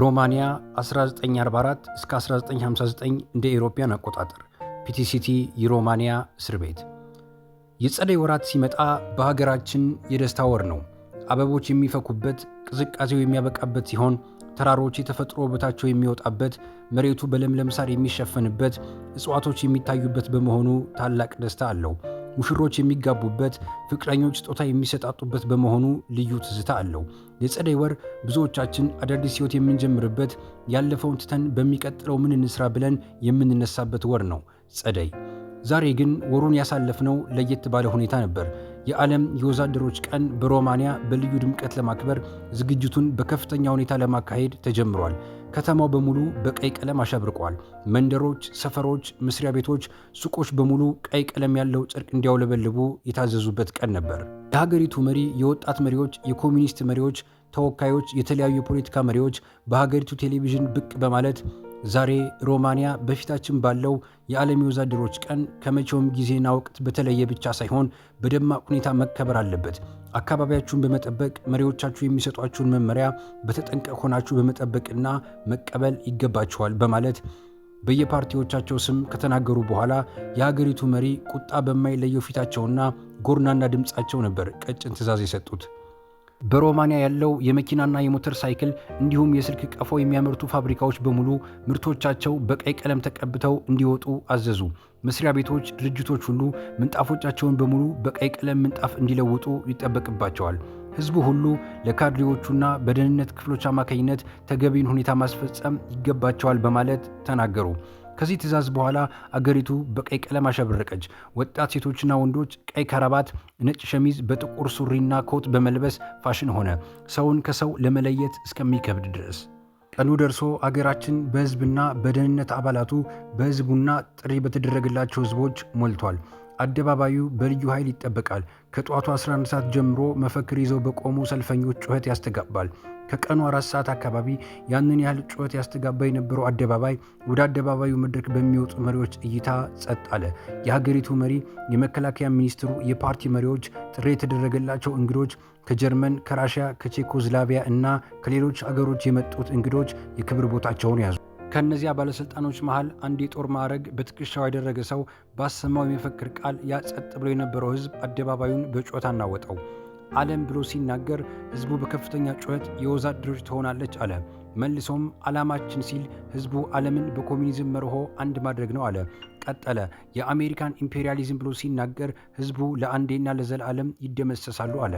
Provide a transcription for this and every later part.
ሮማንያ 1944 እስከ 1959 እንደ ኢሮፓያን አቆጣጠር ፒቲሲቲ የሮማንያ እስር ቤት። የጸደይ ወራት ሲመጣ በሀገራችን የደስታ ወር ነው። አበቦች የሚፈኩበት፣ ቅዝቃዜው የሚያበቃበት ሲሆን ተራሮች የተፈጥሮ ውበታቸው የሚወጣበት፣ መሬቱ በለምለም ሳር የሚሸፈንበት፣ እጽዋቶች የሚታዩበት በመሆኑ ታላቅ ደስታ አለው። ሙሽሮች የሚጋቡበት፣ ፍቅረኞች ስጦታ የሚሰጣጡበት በመሆኑ ልዩ ትዝታ አለው። የጸደይ ወር ብዙዎቻችን አዳዲስ ሕይወት የምንጀምርበት፣ ያለፈውን ትተን በሚቀጥለው ምን እንስራ ብለን የምንነሳበት ወር ነው ጸደይ። ዛሬ ግን ወሩን ያሳለፍነው ለየት ባለ ሁኔታ ነበር። የዓለም የወዛደሮች ቀን በሮማንያ በልዩ ድምቀት ለማክበር ዝግጅቱን በከፍተኛ ሁኔታ ለማካሄድ ተጀምሯል። ከተማው በሙሉ በቀይ ቀለም አሸብርቋል። መንደሮች፣ ሰፈሮች፣ መስሪያ ቤቶች፣ ሱቆች በሙሉ ቀይ ቀለም ያለው ጨርቅ እንዲያውለበልቡ የታዘዙበት ቀን ነበር። የሀገሪቱ መሪ፣ የወጣት መሪዎች፣ የኮሚኒስት መሪዎች፣ ተወካዮች፣ የተለያዩ የፖለቲካ መሪዎች በሀገሪቱ ቴሌቪዥን ብቅ በማለት ዛሬ ሮማንያ በፊታችን ባለው የዓለም የወዛደሮች ቀን ከመቼውም ጊዜና ወቅት በተለየ ብቻ ሳይሆን በደማቅ ሁኔታ መከበር አለበት። አካባቢያችሁን በመጠበቅ መሪዎቻችሁ የሚሰጧችሁን መመሪያ በተጠንቀቅ ሆናችሁ በመጠበቅና መቀበል ይገባችኋል በማለት በየፓርቲዎቻቸው ስም ከተናገሩ በኋላ የሀገሪቱ መሪ ቁጣ በማይለየው ፊታቸውና ጎርናና ድምፃቸው ነበር ቀጭን ትዕዛዝ የሰጡት። በሮማኒያ ያለው የመኪናና የሞተር ሳይክል እንዲሁም የስልክ ቀፎ የሚያመርቱ ፋብሪካዎች በሙሉ ምርቶቻቸው በቀይ ቀለም ተቀብተው እንዲወጡ አዘዙ። መስሪያ ቤቶች፣ ድርጅቶች ሁሉ ምንጣፎቻቸውን በሙሉ በቀይ ቀለም ምንጣፍ እንዲለውጡ ይጠበቅባቸዋል። ህዝቡ ሁሉ ለካድሬዎቹና በደህንነት ክፍሎች አማካኝነት ተገቢውን ሁኔታ ማስፈጸም ይገባቸዋል በማለት ተናገሩ። ከዚህ ትዕዛዝ በኋላ አገሪቱ በቀይ ቀለም አሸበረቀች። ወጣት ሴቶችና ወንዶች ቀይ ከረባት፣ ነጭ ሸሚዝ በጥቁር ሱሪና ኮት በመልበስ ፋሽን ሆነ፣ ሰውን ከሰው ለመለየት እስከሚከብድ ድረስ። ቀኑ ደርሶ አገራችን በህዝብና በደህንነት አባላቱ በህዝቡና ጥሪ በተደረገላቸው ሕዝቦች ሞልቷል። አደባባዩ በልዩ ኃይል ይጠበቃል። ከጠዋቱ 11 ሰዓት ጀምሮ መፈክር ይዘው በቆሙ ሰልፈኞች ጩኸት ያስተጋባል። ከቀኑ አራት ሰዓት አካባቢ ያንን ያህል ጩኸት ያስተጋባ የነበረው አደባባይ ወደ አደባባዩ መድረክ በሚወጡ መሪዎች እይታ ጸጥ አለ። የሀገሪቱ መሪ፣ የመከላከያ ሚኒስትሩ፣ የፓርቲ መሪዎች፣ ጥሪ የተደረገላቸው እንግዶች ከጀርመን ከራሽያ ከቼኮዝላቪያ እና ከሌሎች አገሮች የመጡት እንግዶች የክብር ቦታቸውን ያዙ። ከእነዚያ ባለሥልጣኖች መሃል አንድ የጦር ማዕረግ በትከሻው ያደረገ ሰው ባሰማው የመፈክር ቃል ያጸጥ ብሎ የነበረው ሕዝብ አደባባዩን በጩኸት አናወጠው። ዓለም ብሎ ሲናገር ሕዝቡ በከፍተኛ ጩኸት የወዛት ድርጅት ትሆናለች አለ። መልሶም ዓላማችን ሲል ሕዝቡ ዓለምን በኮሚኒዝም መርሆ አንድ ማድረግ ነው አለ። ቀጠለ። የአሜሪካን ኢምፔሪያሊዝም ብሎ ሲናገር ሕዝቡ ለአንዴና ለዘላለም ይደመሰሳሉ አለ።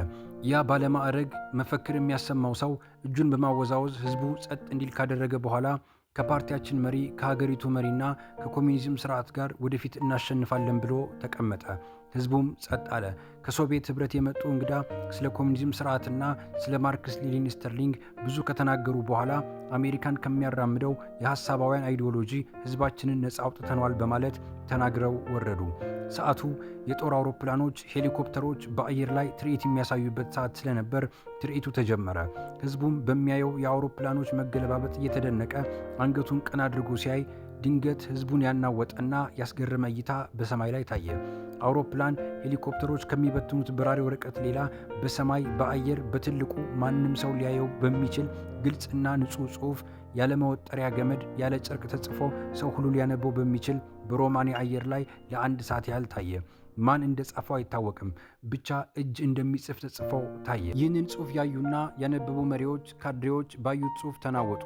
ያ ባለማዕረግ መፈክር የሚያሰማው ሰው እጁን በማወዛወዝ ሕዝቡ ጸጥ እንዲል ካደረገ በኋላ ከፓርቲያችን መሪ ከሀገሪቱ መሪና ከኮሚኒዝም ስርዓት ጋር ወደፊት እናሸንፋለን ብሎ ተቀመጠ። ህዝቡም ጸጥ አለ። ከሶቪየት ህብረት የመጡ እንግዳ ስለ ኮሚኒዝም ስርዓትና ስለ ማርክስ ሌኒን ስተርሊንግ ብዙ ከተናገሩ በኋላ አሜሪካን ከሚያራምደው የሀሳባውያን አይዲዮሎጂ ህዝባችንን ነፃ አውጥተነዋል በማለት ተናግረው ወረዱ። ሰዓቱ የጦር አውሮፕላኖች፣ ሄሊኮፕተሮች በአየር ላይ ትርኢት የሚያሳዩበት ሰዓት ስለነበር ትርኢቱ ተጀመረ። ህዝቡም በሚያየው የአውሮፕላኖች መገለባበጥ እየተደነቀ አንገቱን ቀና አድርጎ ሲያይ ድንገት ህዝቡን ያናወጠና ያስገረመ እይታ በሰማይ ላይ ታየ። አውሮፕላን፣ ሄሊኮፕተሮች ከሚበትኑት በራሪ ወረቀት ሌላ በሰማይ በአየር በትልቁ ማንም ሰው ሊያየው በሚችል ግልጽና ንጹህ ጽሑፍ ያለመወጠሪያ ገመድ ያለ ጨርቅ ተጽፎ ሰው ሁሉ ሊያነበው በሚችል በሮማኔ አየር ላይ ለአንድ ሰዓት ያህል ታየ። ማን እንደ ጻፈው አይታወቅም፣ ብቻ እጅ እንደሚጽፍ ተጽፎ ታየ። ይህንን ጽሑፍ ያዩና ያነበቡ መሪዎች፣ ካድሬዎች ባዩት ጽሑፍ ተናወጡ።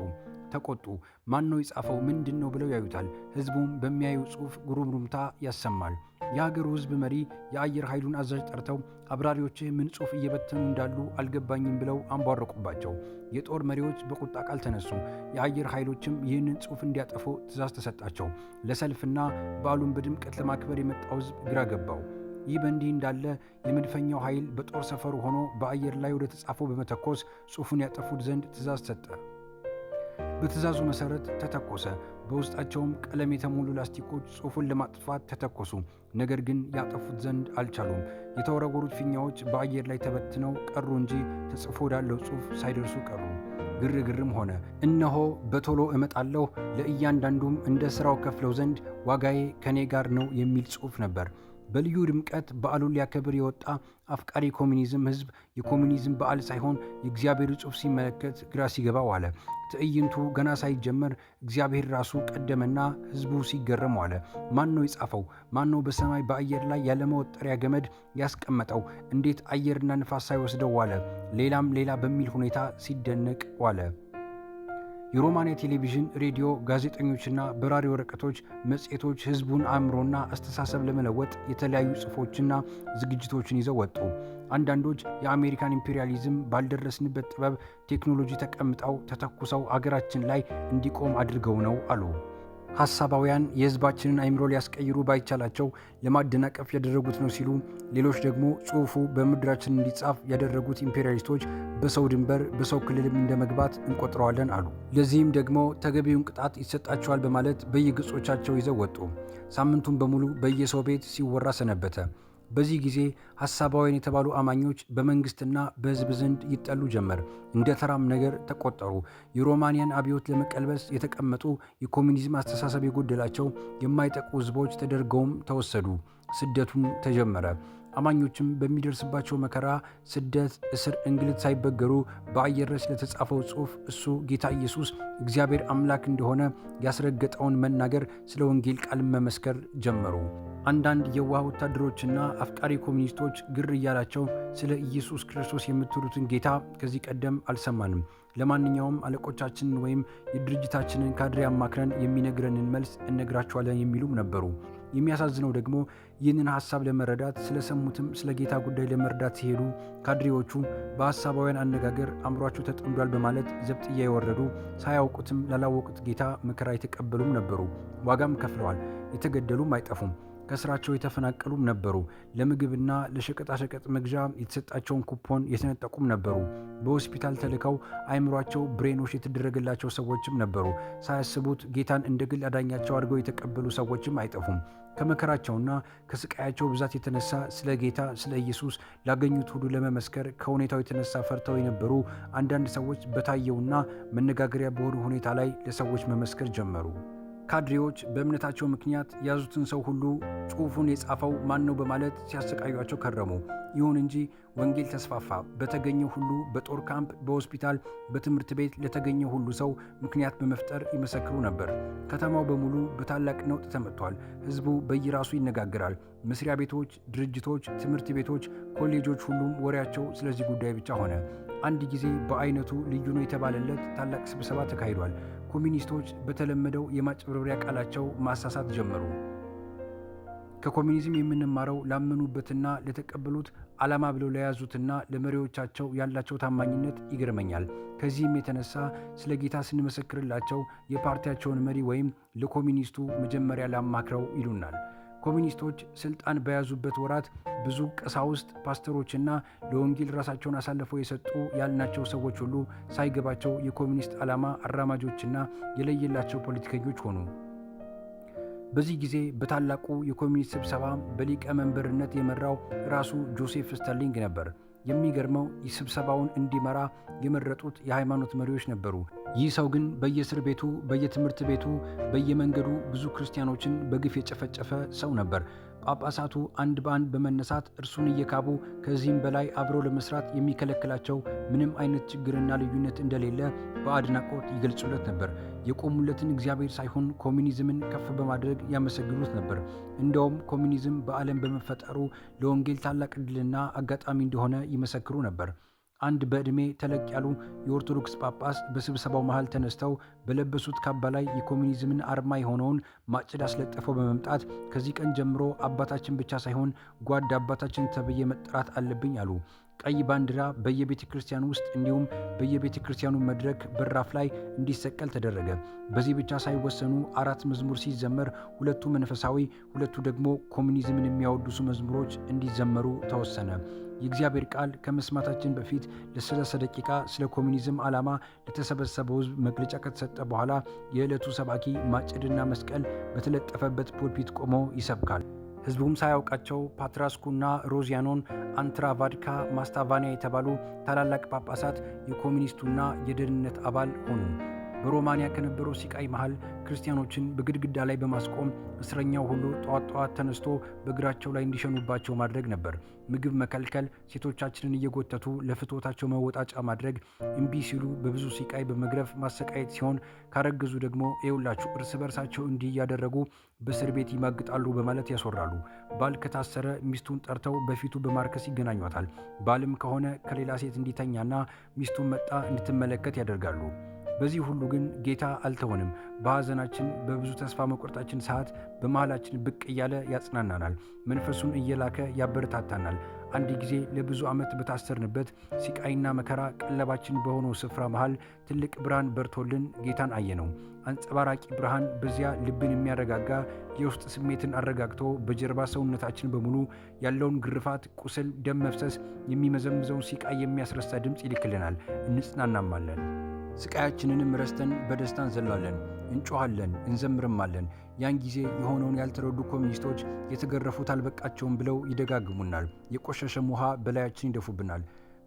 ተቆጡ። ማን ነው የጻፈው? ምንድን ነው ብለው ያዩታል። ህዝቡም በሚያዩ ጽሑፍ ጉሩምሩምታ ያሰማል። የአገሩ ህዝብ መሪ የአየር ኃይሉን አዛዥ ጠርተው አብራሪዎችህ ምን ጽሑፍ እየበተኑ እንዳሉ አልገባኝም ብለው አንቧረቁባቸው። የጦር መሪዎች በቁጣ ቃል ተነሱ። የአየር ኃይሎችም ይህንን ጽሑፍ እንዲያጠፉ ትእዛዝ ተሰጣቸው። ለሰልፍና በዓሉን በድምቀት ለማክበር የመጣው ህዝብ ግራ ገባው። ይህ በእንዲህ እንዳለ የመድፈኛው ኃይል በጦር ሰፈሩ ሆኖ በአየር ላይ ወደ ተጻፈው በመተኮስ ጽሑፉን ያጠፉት ዘንድ ትእዛዝ ሰጠ። በትዛዙ መሠረት ተተኮሰ። በውስጣቸውም ቀለም የተሞሉ ላስቲኮች ጽሑፉን ለማጥፋት ተተኮሱ። ነገር ግን ያጠፉት ዘንድ አልቻሉም። የተወረወሩት ፊኛዎች በአየር ላይ ተበትነው ቀሩ እንጂ ተጽፎ ወዳለው ጽሑፍ ሳይደርሱ ቀሩ። ግርግርም ሆነ። እነሆ በቶሎ እመጣለሁ፣ ለእያንዳንዱም እንደ ሥራው ከፍለው ዘንድ ዋጋዬ ከእኔ ጋር ነው የሚል ጽሑፍ ነበር። በልዩ ድምቀት በዓሉን ሊያከብር የወጣ አፍቃሪ ኮሚኒዝም ሕዝብ የኮሚኒዝም በዓል ሳይሆን የእግዚአብሔር ጽሑፍ ሲመለከት ግራ ሲገባ ዋለ። ትዕይንቱ ገና ሳይጀመር እግዚአብሔር ራሱ ቀደመና ሕዝቡ ሲገረሙ አለ። ማን ነው የጻፈው? ማን ነው በሰማይ በአየር ላይ ያለመወጠሪያ ገመድ ያስቀመጠው? እንዴት አየርና ንፋስ ሳይወስደው ዋለ? ሌላም ሌላ በሚል ሁኔታ ሲደነቅ ዋለ። የሮማንያ ቴሌቪዥን፣ ሬዲዮ፣ ጋዜጠኞችና በራሪ ወረቀቶች፣ መጽሔቶች ህዝቡን አእምሮና አስተሳሰብ ለመለወጥ የተለያዩ ጽሑፎችና ዝግጅቶችን ይዘው ወጡ። አንዳንዶች የአሜሪካን ኢምፔሪያሊዝም ባልደረስንበት ጥበብ ቴክኖሎጂ ተቀምጠው ተተኩሰው አገራችን ላይ እንዲቆም አድርገው ነው አሉ። ሀሳባውያን የህዝባችንን አይምሮ ሊያስቀይሩ ባይቻላቸው ለማደናቀፍ ያደረጉት ነው ሲሉ፣ ሌሎች ደግሞ ጽሑፉ በምድራችን እንዲጻፍ ያደረጉት ኢምፔሪያሊስቶች በሰው ድንበር በሰው ክልልም እንደ መግባት እንቆጥረዋለን አሉ። ለዚህም ደግሞ ተገቢውን ቅጣት ይሰጣቸዋል በማለት በየገጾቻቸው ይዘው ወጡ። ሳምንቱን በሙሉ በየሰው ቤት ሲወራ ሰነበተ። በዚህ ጊዜ ሐሳባውያን የተባሉ አማኞች በመንግሥትና በሕዝብ ዘንድ ይጠሉ ጀመር። እንደ ተራም ነገር ተቆጠሩ። የሮማንያን አብዮት ለመቀልበስ የተቀመጡ የኮሚኒዝም አስተሳሰብ የጎደላቸው የማይጠቁ ሕዝቦች ተደርገውም ተወሰዱ። ስደቱም ተጀመረ። አማኞችም በሚደርስባቸው መከራ፣ ስደት፣ እስር፣ እንግልት ሳይበገሩ በአየር ላይ ስለተጻፈው ጽሑፍ እሱ ጌታ ኢየሱስ እግዚአብሔር አምላክ እንደሆነ ያስረገጠውን መናገር፣ ስለ ወንጌል ቃል መመስከር ጀመሩ። አንዳንድ የዋህ ወታደሮችና አፍቃሪ ኮሚኒስቶች ግር እያላቸው ስለ ኢየሱስ ክርስቶስ የምትሉትን ጌታ ከዚህ ቀደም አልሰማንም። ለማንኛውም አለቆቻችንን ወይም የድርጅታችንን ካድሬ አማክረን የሚነግረንን መልስ እነግራችኋለን የሚሉም ነበሩ። የሚያሳዝነው ደግሞ ይህንን ሀሳብ ለመረዳት ስለሰሙትም ስለ ጌታ ጉዳይ ለመረዳት ሲሄዱ ካድሬዎቹ በሐሳባውያን አነጋገር አእምሯቸው ተጠምዷል በማለት ዘብጥያ የወረዱ ሳያውቁትም ላላወቁት ጌታ መከራ የተቀበሉም ነበሩ። ዋጋም ከፍለዋል። የተገደሉም አይጠፉም። ከስራቸው የተፈናቀሉም ነበሩ። ለምግብና ለሸቀጣሸቀጥ መግዣ የተሰጣቸውን ኩፖን የተነጠቁም ነበሩ። በሆስፒታል ተልከው አይምሯቸው ብሬኖች የተደረገላቸው ሰዎችም ነበሩ። ሳያስቡት ጌታን እንደ ግል አዳኛቸው አድርገው የተቀበሉ ሰዎችም አይጠፉም። ከመከራቸውና ከስቃያቸው ብዛት የተነሳ ስለ ጌታ ስለ ኢየሱስ ላገኙት ሁሉ ለመመስከር ከሁኔታው የተነሳ ፈርተው የነበሩ አንዳንድ ሰዎች በታየውና መነጋገሪያ በሆኑ ሁኔታ ላይ ለሰዎች መመስከር ጀመሩ። ካድሬዎች በእምነታቸው ምክንያት የያዙትን ሰው ሁሉ ጽሑፉን የጻፈው ማን ነው በማለት ሲያሰቃዩቸው ከረሙ። ይሁን እንጂ ወንጌል ተስፋፋ። በተገኘ ሁሉ በጦር ካምፕ፣ በሆስፒታል፣ በትምህርት ቤት ለተገኘ ሁሉ ሰው ምክንያት በመፍጠር ይመሰክሩ ነበር። ከተማው በሙሉ በታላቅ ነውጥ ተመጥቷል። ህዝቡ በየራሱ ይነጋገራል። መስሪያ ቤቶች፣ ድርጅቶች፣ ትምህርት ቤቶች፣ ኮሌጆች፣ ሁሉም ወሬያቸው ስለዚህ ጉዳይ ብቻ ሆነ። አንድ ጊዜ በአይነቱ ልዩ ነው የተባለለት ታላቅ ስብሰባ ተካሂዷል። ኮሚኒስቶች በተለመደው የማጭበርበሪያ ቃላቸው ማሳሳት ጀመሩ። ከኮሚኒዝም የምንማረው ላመኑበትና ለተቀበሉት ዓላማ ብለው ለያዙትና ለመሪዎቻቸው ያላቸው ታማኝነት ይገርመኛል። ከዚህም የተነሳ ስለ ጌታ ስንመሰክርላቸው የፓርቲያቸውን መሪ ወይም ለኮሚኒስቱ መጀመሪያ ላማክረው ይሉናል። ኮሚኒስቶች ስልጣን በያዙበት ወራት ብዙ ቀሳውስት፣ ፓስተሮችና ለወንጌል ራሳቸውን አሳልፈው የሰጡ ያልናቸው ሰዎች ሁሉ ሳይገባቸው የኮሚኒስት ዓላማ አራማጆችና የለየላቸው ፖለቲከኞች ሆኑ። በዚህ ጊዜ በታላቁ የኮሚኒስት ስብሰባ በሊቀመንበርነት የመራው ራሱ ጆሴፍ ስተርሊንግ ነበር። የሚገርመው ስብሰባውን እንዲመራ የመረጡት የሃይማኖት መሪዎች ነበሩ። ይህ ሰው ግን በየእስር ቤቱ፣ በየትምህርት ቤቱ፣ በየመንገዱ ብዙ ክርስቲያኖችን በግፍ የጨፈጨፈ ሰው ነበር። ጳጳሳቱ አንድ በአንድ በመነሳት እርሱን እየካቡ ከዚህም በላይ አብሮ ለመስራት የሚከለክላቸው ምንም አይነት ችግርና ልዩነት እንደሌለ በአድናቆት ይገልጹለት ነበር። የቆሙለትን እግዚአብሔር ሳይሆን ኮሚኒዝምን ከፍ በማድረግ ያመሰግኑት ነበር። እንደውም ኮሚኒዝም በዓለም በመፈጠሩ ለወንጌል ታላቅ ዕድልና አጋጣሚ እንደሆነ ይመሰክሩ ነበር። አንድ በዕድሜ ተለቅ ያሉ የኦርቶዶክስ ጳጳስ በስብሰባው መሃል ተነስተው በለበሱት ካባ ላይ የኮሚኒዝምን አርማ የሆነውን ማጭድ አስለጥፈው በመምጣት ከዚህ ቀን ጀምሮ አባታችን ብቻ ሳይሆን ጓድ አባታችን ተብዬ መጠራት አለብኝ አሉ። ቀይ ባንዲራ በየቤተ ክርስቲያን ውስጥ እንዲሁም በየቤተ ክርስቲያኑ መድረክ በራፍ ላይ እንዲሰቀል ተደረገ። በዚህ ብቻ ሳይወሰኑ አራት መዝሙር ሲዘመር ሁለቱ መንፈሳዊ፣ ሁለቱ ደግሞ ኮሚኒዝምን የሚያወድሱ መዝሙሮች እንዲዘመሩ ተወሰነ። የእግዚአብሔር ቃል ከመስማታችን በፊት ለሰላሳ ደቂቃ ስለ ኮሚኒዝም ዓላማ ለተሰበሰበው ሕዝብ መግለጫ ከተሰጠ በኋላ የዕለቱ ሰባኪ ማጭድና መስቀል በተለጠፈበት ፑልፒት ቆሞ ይሰብካል። ሕዝቡም ሳያውቃቸው ፓትራስኩና ሮዚያኖን አንትራቫድካ ማስታቫኒያ የተባሉ ታላላቅ ጳጳሳት የኮሚኒስቱና የደህንነት አባል ሆኑ። በሮማንያ ከነበረው ሲቃይ መሃል ክርስቲያኖችን በግድግዳ ላይ በማስቆም እስረኛው ሁሉ ጠዋት ጠዋት ተነስቶ በእግራቸው ላይ እንዲሸኑባቸው ማድረግ ነበር። ምግብ መከልከል፣ ሴቶቻችንን እየጎተቱ ለፍትወታቸው መወጣጫ ማድረግ፣ እምቢ ሲሉ በብዙ ሲቃይ በመግረፍ ማሰቃየት ሲሆን ካረገዙ ደግሞ ይውላችሁ እርስ በርሳቸው እንዲህ እያደረጉ በእስር ቤት ይማግጣሉ በማለት ያስወራሉ። ባል ከታሰረ ሚስቱን ጠርተው በፊቱ በማርከስ ይገናኟታል። ባልም ከሆነ ከሌላ ሴት እንዲተኛና ሚስቱን መጣ እንድትመለከት ያደርጋሉ። በዚህ ሁሉ ግን ጌታ አልተሆንም። በሐዘናችን በብዙ ተስፋ መቁረጣችን ሰዓት በመሃላችን ብቅ እያለ ያጽናናናል። መንፈሱን እየላከ ያበረታታናል። አንድ ጊዜ ለብዙ ዓመት በታሰርንበት ስቃይና መከራ ቀለባችን በሆነው ስፍራ መሃል ትልቅ ብርሃን በርቶልን ጌታን አየነው። አንጸባራቂ ብርሃን በዚያ ልብን የሚያረጋጋ የውስጥ ስሜትን አረጋግቶ በጀርባ ሰውነታችን በሙሉ ያለውን ግርፋት፣ ቁስል፣ ደም መፍሰስ የሚመዘምዘውን ሲቃይ የሚያስረሳ ድምፅ ይልክልናል። እንጽናናማለን። ስቃያችንንም ረስተን በደስታ እንዘላለን፣ እንጮኋለን፣ እንዘምርማለን። ያን ጊዜ የሆነውን ያልተረዱ ኮሚኒስቶች የተገረፉት አልበቃቸውም ብለው ይደጋግሙናል። የቆሸሸም ውሃ በላያችን ይደፉብናል።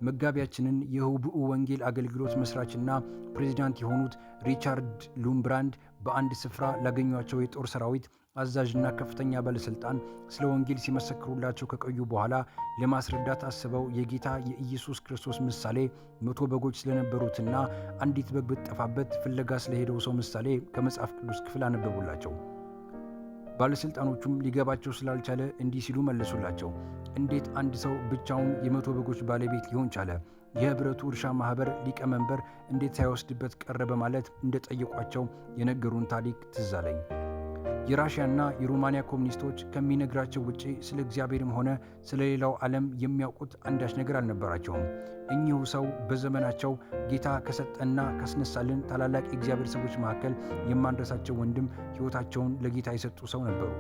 መጋቢያችንን የህቡዑ ወንጌል አገልግሎት መስራችና ፕሬዚዳንት የሆኑት ሪቻርድ ሉምብራንድ በአንድ ስፍራ ላገኟቸው የጦር ሰራዊት አዛዥና ከፍተኛ ባለሥልጣን ስለ ወንጌል ሲመሰክሩላቸው ከቆዩ በኋላ ለማስረዳት አስበው የጌታ የኢየሱስ ክርስቶስ ምሳሌ መቶ በጎች ስለነበሩትና አንዲት በግ ብትጠፋበት ፍለጋ ስለሄደው ሰው ምሳሌ ከመጽሐፍ ቅዱስ ክፍል አነበቡላቸው። ባለሥልጣኖቹም ሊገባቸው ስላልቻለ እንዲህ ሲሉ መለሱላቸው። እንዴት አንድ ሰው ብቻውን የመቶ በጎች ባለቤት ሊሆን ቻለ? የህብረቱ እርሻ ማኅበር ሊቀመንበር እንዴት ሳይወስድበት ቀረ? በማለት እንደጠየቋቸው የነገሩን ታሪክ ትዝ አለኝ። የራሽያና የሩማንያ ኮሚኒስቶች ከሚነግራቸው ውጪ ስለ እግዚአብሔርም ሆነ ስለ ሌላው ዓለም የሚያውቁት አንዳች ነገር አልነበራቸውም። እኚሁ ሰው በዘመናቸው ጌታ ከሰጠና ካስነሳልን ታላላቅ የእግዚአብሔር ሰዎች መካከል የማንረሳቸው ወንድም ሕይወታቸውን ለጌታ የሰጡ ሰው ነበሩ።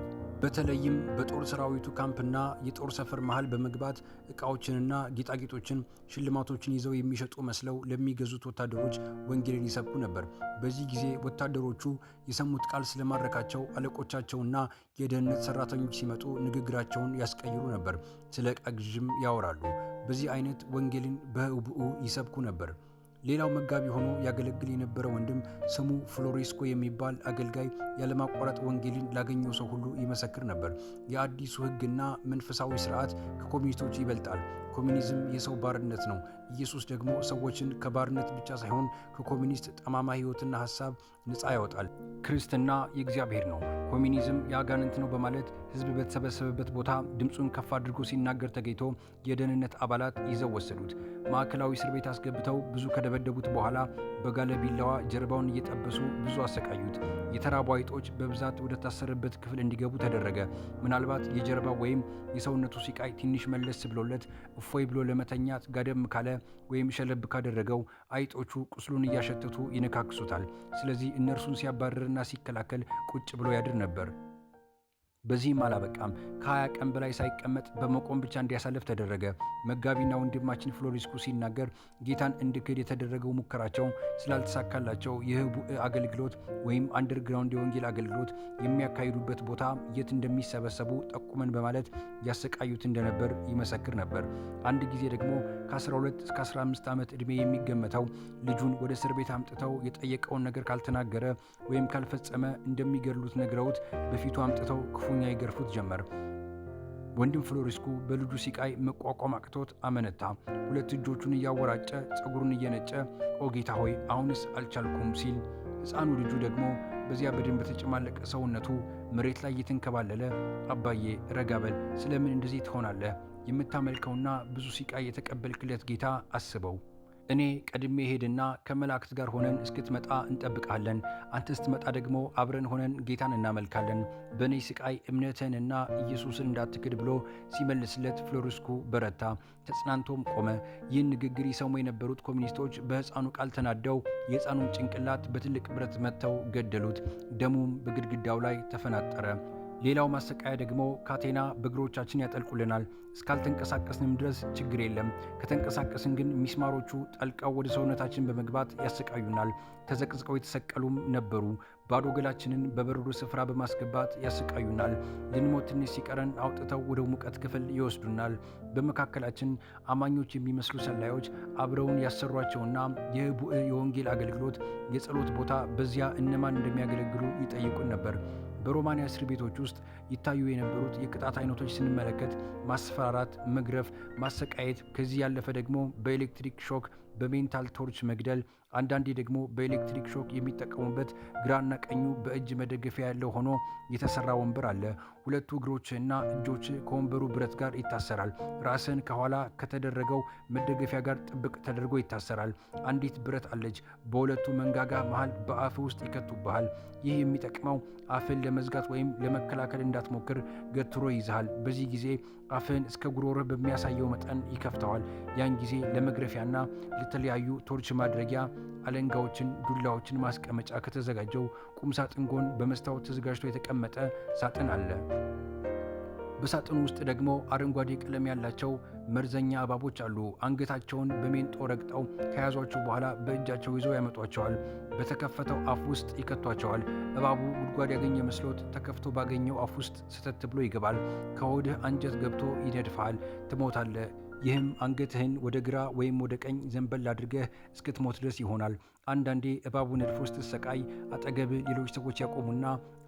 በተለይም በጦር ሰራዊቱ ካምፕና የጦር ሰፈር መሃል በመግባት እቃዎችንና ጌጣጌጦችን ሽልማቶችን ይዘው የሚሸጡ መስለው ለሚገዙት ወታደሮች ወንጌልን ይሰብኩ ነበር። በዚህ ጊዜ ወታደሮቹ የሰሙት ቃል ስለማረካቸው አለቆቻቸውና የደህንነት ሰራተኞች ሲመጡ ንግግራቸውን ያስቀይሩ ነበር። ስለ ዕቃ ያወራሉ። በዚህ አይነት ወንጌልን በህቡዕ ይሰብኩ ነበር። ሌላው መጋቢ ሆኖ ያገለግል የነበረ ወንድም ስሙ ፍሎሬስኮ የሚባል አገልጋይ ያለማቋረጥ ወንጌልን ላገኘው ሰው ሁሉ ይመሰክር ነበር። የአዲሱ ሕግና መንፈሳዊ ስርዓት ከኮሚኒስቶች ይበልጣል። ኮሚኒዝም የሰው ባርነት ነው። ኢየሱስ ደግሞ ሰዎችን ከባርነት ብቻ ሳይሆን ከኮሚኒስት ጠማማ ሕይወትና ሀሳብ ነፃ ያወጣል። ክርስትና የእግዚአብሔር ነው፣ ኮሚኒዝም የአጋንንት ነው በማለት ሕዝብ በተሰበሰበበት ቦታ ድምፁን ከፍ አድርጎ ሲናገር ተገኝቶ የደህንነት አባላት ይዘው ወሰዱት። ማዕከላዊ እስር ቤት አስገብተው ብዙ ከደበደቡት በኋላ በጋለ ቢላዋ ጀርባውን እየጠበሱ ብዙ አሰቃዩት። የተራቡ አይጦች በብዛት ወደ ታሰረበት ክፍል እንዲገቡ ተደረገ። ምናልባት የጀርባ ወይም የሰውነቱ ሲቃይ ትንሽ መለስ ብሎለት እፎይ ብሎ ለመተኛት ጋደም ካለ ወይም ሸለብ ካደረገው አይጦቹ ቁስሉን እያሸተቱ ይነካክሱታል። ስለዚህ እነርሱን ሲያባርርና ሲከላከል ቁጭ ብሎ ያድር ነበር። በዚህም አላበቃም። ከ20 ቀን በላይ ሳይቀመጥ በመቆም ብቻ እንዲያሳልፍ ተደረገ። መጋቢና ወንድማችን ፍሎሪስኩ ሲናገር ጌታን እንድክድ የተደረገው ሙከራቸው ስላልተሳካላቸው የህቡ አገልግሎት ወይም አንደርግራውንድ የወንጌል አገልግሎት የሚያካሂዱበት ቦታ የት እንደሚሰበሰቡ ጠቁመን በማለት ያሰቃዩት እንደነበር ይመሰክር ነበር። አንድ ጊዜ ደግሞ ከ12 እስከ 15 ዓመት ዕድሜ የሚገመተው ልጁን ወደ እስር ቤት አምጥተው የጠየቀውን ነገር ካልተናገረ ወይም ካልፈጸመ እንደሚገድሉት ነግረውት በፊቱ አምጥተው ክፉኛ ይገርፉት ጀመር። ወንድም ፍሎሪስኩ በልጁ ሲቃይ መቋቋም አቅቶት አመነታ። ሁለት እጆቹን እያወራጨ ፀጉሩን እየነጨ ኦ ጌታ ሆይ አሁንስ አልቻልኩም ሲል ሕፃኑ ልጁ ደግሞ በዚያ በደም በተጨማለቀ ሰውነቱ መሬት ላይ እየተንከባለለ አባዬ ረጋበል ስለምን እንደዚህ ትሆናለህ? የምታመልከውና ብዙ ሲቃይ የተቀበልክለት ጌታ አስበው እኔ ቀድሜ ሄድና ከመላእክት ጋር ሆነን እስክትመጣ እንጠብቃለን። አንተ ስትመጣ ደግሞ አብረን ሆነን ጌታን እናመልካለን። በእኔ ስቃይ እምነትህንና ኢየሱስን እንዳትክድ ብሎ ሲመልስለት ፍሎሪስኩ በረታ፣ ተጽናንቶም ቆመ። ይህን ንግግር ይሰሙ የነበሩት ኮሚኒስቶች በሕፃኑ ቃል ተናደው የሕፃኑን ጭንቅላት በትልቅ ብረት መጥተው ገደሉት። ደሙም በግድግዳው ላይ ተፈናጠረ። ሌላው ማሰቃያ ደግሞ ካቴና በእግሮቻችን ያጠልቁልናል። እስካልተንቀሳቀስንም ድረስ ችግር የለም። ከተንቀሳቀስን ግን ሚስማሮቹ ጠልቀው ወደ ሰውነታችን በመግባት ያሰቃዩናል። ተዘቅዝቀው የተሰቀሉም ነበሩ። ባዶ ገላችንን በበረዶ ስፍራ በማስገባት ያሰቃዩናል። ልንሞት ትንሽ ሲቀረን አውጥተው ወደ ሙቀት ክፍል ይወስዱናል። በመካከላችን አማኞች የሚመስሉ ሰላዮች አብረውን ያሰሯቸውና የህቡዕ የወንጌል አገልግሎት፣ የጸሎት ቦታ በዚያ እነማን እንደሚያገለግሉ ይጠይቁን ነበር። በሮማንያ እስር ቤቶች ውስጥ ይታዩ የነበሩት የቅጣት አይነቶች ስንመለከት ማስፈራራት፣ መግረፍ፣ ማሰቃየት ከዚህ ያለፈ ደግሞ በኤሌክትሪክ ሾክ በሜንታል ቶርች መግደል፣ አንዳንዴ ደግሞ በኤሌክትሪክ ሾክ የሚጠቀሙበት ግራና ቀኙ በእጅ መደገፊያ ያለው ሆኖ የተሰራ ወንበር አለ። ሁለቱ እግሮች እና እጆች ከወንበሩ ብረት ጋር ይታሰራል። ራስን ከኋላ ከተደረገው መደገፊያ ጋር ጥብቅ ተደርጎ ይታሰራል። አንዲት ብረት አለች። በሁለቱ መንጋጋ መሃል በአፍ ውስጥ ይከቱብሃል። ይህ የሚጠቅመው አፍን ለመዝጋት ወይም ለመከላከል እንዳትሞክር ገትሮ ይዝሃል። በዚህ ጊዜ አፍን እስከ ጉሮሮህ በሚያሳየው መጠን ይከፍተዋል። ያን ጊዜ ለመግረፊያና ለተለያዩ ቶርች ማድረጊያ አለንጋዎችን፣ ዱላዎችን ማስቀመጫ ከተዘጋጀው ቁም ሳጥን ጎን በመስታወት ተዘጋጅቶ የተቀመጠ ሳጥን አለ። በሳጥኑ ውስጥ ደግሞ አረንጓዴ ቀለም ያላቸው መርዘኛ እባቦች አሉ። አንገታቸውን በሜንጦ ረግጠው ከያዟቸው በኋላ በእጃቸው ይዘው ያመጧቸዋል። በተከፈተው አፍ ውስጥ ይከቷቸዋል። እባቡ ጉድጓድ ያገኘ መስሎት ተከፍቶ ባገኘው አፍ ውስጥ ስተት ብሎ ይገባል። ከሆድህ አንጀት ገብቶ ይነድፈሃል፣ ትሞታለ። ይህም አንገትህን ወደ ግራ ወይም ወደ ቀኝ ዘንበል አድርገህ እስክትሞት ድረስ ይሆናል። አንዳንዴ እባቡ ነድፎ ውስጥ ሰቃይ ሌሎች ሰዎች ያቆሙና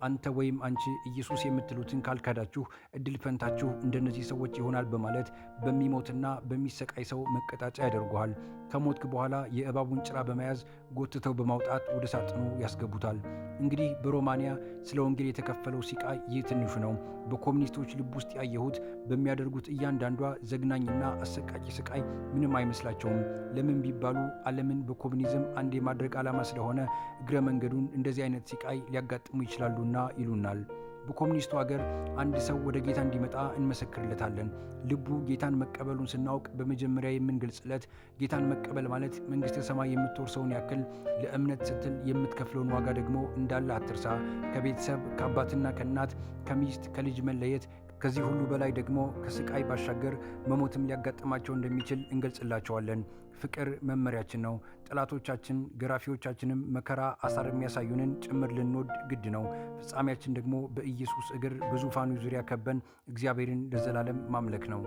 አንተ ወይም አንቺ ኢየሱስ የምትሉትን ካልካዳችሁ እድል ፈንታችሁ እንደነዚህ ሰዎች ይሆናል በማለት በሚሞትና በሚሰቃይ ሰው መቀጣጫ ያደርጓል። ከሞትክ በኋላ የእባቡን ጭራ በመያዝ ጎትተው በማውጣት ወደ ሳጥኑ ያስገቡታል። እንግዲህ በሮማንያ ስለ ወንጌል የተከፈለው ሲቃይ ይህ ትንሹ ነው። በኮሚኒስቶች ልብ ውስጥ ያየሁት በሚያደርጉት እያንዳንዷ ዘግናኝና አሰቃቂ ስቃይ ምንም አይመስላቸውም። ለምን ቢባሉ ዓለምን በኮሚኒዝም አንድ የማድረግ ዓላማ ስለሆነ እግረ መንገዱን እንደዚህ አይነት ሲቃይ ሊያጋጥሙ ይችላሉ ነውና ይሉናል። በኮሚኒስቱ ሀገር አንድ ሰው ወደ ጌታ እንዲመጣ እንመሰክርለታለን። ልቡ ጌታን መቀበሉን ስናውቅ በመጀመሪያ የምንገልጽለት ጌታን መቀበል ማለት መንግሥተ ሰማይ የምትወርሰውን ያክል ለእምነት ስትል የምትከፍለውን ዋጋ ደግሞ እንዳለ አትርሳ። ከቤተሰብ ከአባትና ከእናት ከሚስት ከልጅ መለየት ከዚህ ሁሉ በላይ ደግሞ ከስቃይ ባሻገር መሞትም ሊያጋጥማቸው እንደሚችል እንገልጽላቸዋለን። ፍቅር መመሪያችን ነው። ጠላቶቻችን፣ ገራፊዎቻችንም መከራ አሳር የሚያሳዩንን ጭምር ልንወድ ግድ ነው። ፍጻሜያችን ደግሞ በኢየሱስ እግር በዙፋኑ ዙሪያ ከበን እግዚአብሔርን ለዘላለም ማምለክ ነው።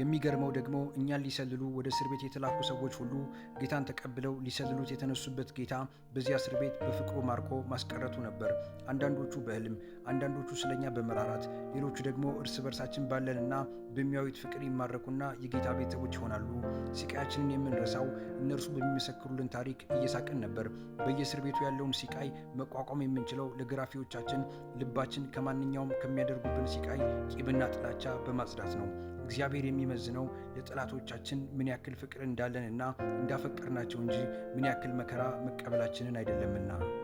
የሚገርመው ደግሞ እኛን ሊሰልሉ ወደ እስር ቤት የተላኩ ሰዎች ሁሉ ጌታን ተቀብለው ሊሰልሉት የተነሱበት ጌታ በዚያ እስር ቤት በፍቅሩ ማርኮ ማስቀረቱ ነበር። አንዳንዶቹ በህልም አንዳንዶቹ ስለኛ በመራራት ሌሎቹ ደግሞ እርስ በርሳችን ባለንና በሚያዩት ፍቅር ይማረኩና የጌታ ቤተሰቦች ይሆናሉ። ስቃያችንን የምንረሳው እነርሱ በሚመሰክሩልን ታሪክ እየሳቅን ነበር። በየእስር ቤቱ ያለውን ስቃይ መቋቋም የምንችለው ለግራፊዎቻችን ልባችን ከማንኛውም ከሚያደርጉብን ስቃይ ቂምና ጥላቻ በማጽዳት ነው። እግዚአብሔር የሚመዝነው ለጠላቶቻችን ምን ያክል ፍቅር እንዳለንና እንዳፈቀርናቸው እንጂ ምን ያክል መከራ መቀበላችንን አይደለምና።